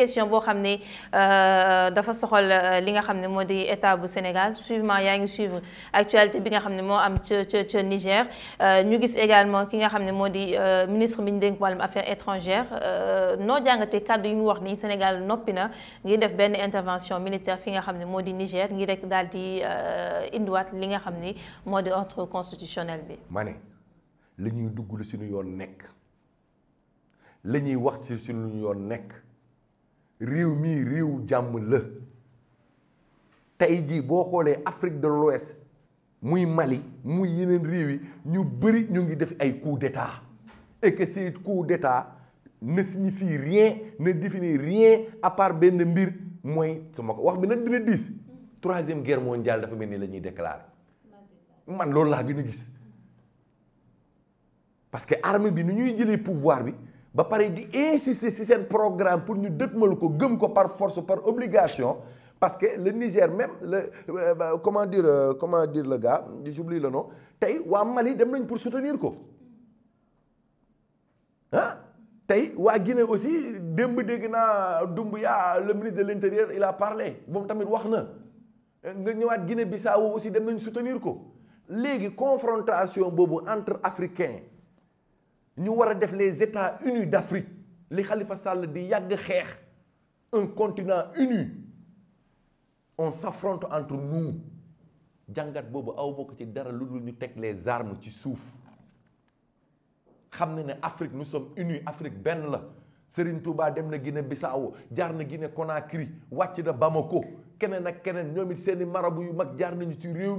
question bo xamné euh dafa soxol euh, li nga xamné modi état bu Sénégal suivement ya ngi suivre actualité bi nga xamné mo am ca ca ca Niger euh, ñu gis également ki nga xamné modi euh, ministre min ñu walum affaires étrangères no jangaté cadre yi mu wax ni Sénégal noppi na ngir def ben intervention militaire fi nga xamné modi Niger ngi rek daal di indiwaat li nga xamné modi ordre constitutionnel bi. mané lañuy dugg lu suñu yoon nek lañuy ñuy wax si suñu yoon nek réew mi réew jàmm le tey jii boo Afrique de l'Ouest muy Mali muy yenen réew yi ñu bëri ñu ngi def ay coup d'état et que ces coup d'état ne signifie rien ne définit rien à part ben mbir moy sama wax bi na dina diis troisième guerre mondiale dafa melni lañuy déclarer man lool la gën a gis parce que armée bi ni ñuy jëlee pouvoir bi ba pare di insister sur un programme pour nous dëppmal ko ko par force par obligation parce que le Niger même le euh, bah, comment dire euh, comment dire le gars j'oublie le nom tay wa Mali dem nañ pour soutenir ko hein tay wa Guinée aussi na ya le ministre de l'intérieur il a parlé vous tamit wax na nga ñëwaat Guinée Bissau aussi dem nañ soutenir ko légui confrontation bobu entre africains nous war les états unis d'Afrique les Khalifa Sall di un continent uni on s'affronte entre nous jàngat Bobo, a bokk ci dara lu ñu les armes ci souffrent. Nous na Afrique nous sommes unis Afrique ben la Serigne Touba dem na Guinée Bissau jaar na Guinée Conakry wacc na Bamako kenen ak kenen ñoom seen marabu yu mag jaar nañu ci réew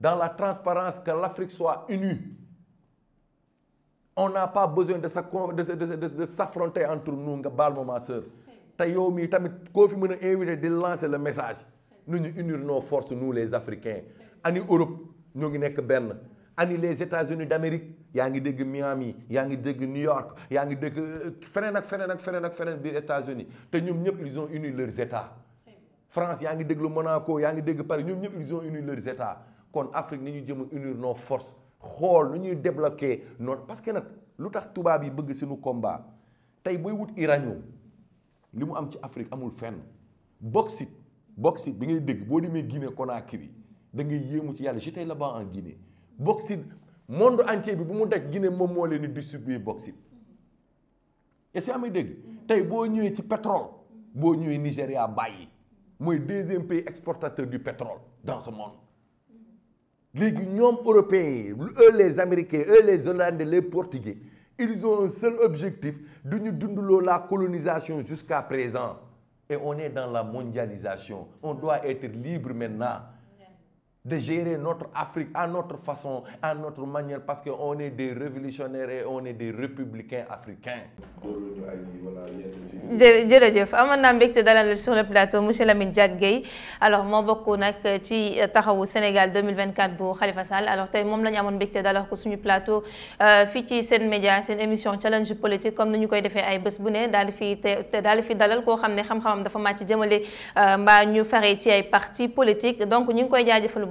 dans la transparence, que l'Afrique soit unie. On n'a pas besoin de s'affronter entre nous, ma soeur. Tu de lancer le message. Nous nous unir nos forces, nous les Africains. En Europe, nous sommes ben. les États-Unis d'Amérique nous ngi Miami New York yaa ngi dégg euh, ak États-Unis te avons ils ont uni leurs états France nous avons le Monaco yaa ngi Paris nous avons ils ont uni leurs états kon Afrique ni ñu jëm a unir force xool nu ñuy débloquer noonu parce que nag lu tax tubaab yi bëgg suñu combat tey booy wut uranium li mu am ci Afrique amul fenn bauxite bauxite bi ngay dégg boo demee Guinée Conakry da ngay yéemu ci yàlla j'étais là-bas en Guinée bauxite monde entier bi bu mu daj Guinée moom moo leen di distribuer bauxite est-ce que amee dégg tey boo ñëwee ci pétrole boo ñëwee Nigéria bàyyi mooy deuxième pays exportateur du pétrole dans ce monde Les Union européens eux les américains eux les hollandais les portugais ils ont un seul objectif De nous la colonisation jusqu'à présent et on est dans la mondialisation on doit être libre maintenant de gérer notre Afrique à notre façon, à notre manière, parce qu'on est des révolutionnaires et on est des républicains africains. le amoon naa mbégte dalal sur le plateau monsieur Lamine Jack Gay. alors moo bokk nag ci au Sénégal 2024 pour Khalifa Sall alors je suis la ñu amoon dalal ko plateau euh, fii ci seen média seen émission challenge politique comme nous ñu koy defee ay bés bu ne daal di fi te daal di fi dalal koo faire ne xam-xamam dafa màcc jëmale euh, mbaa ñu faree ci ay politique donc nous ngi koy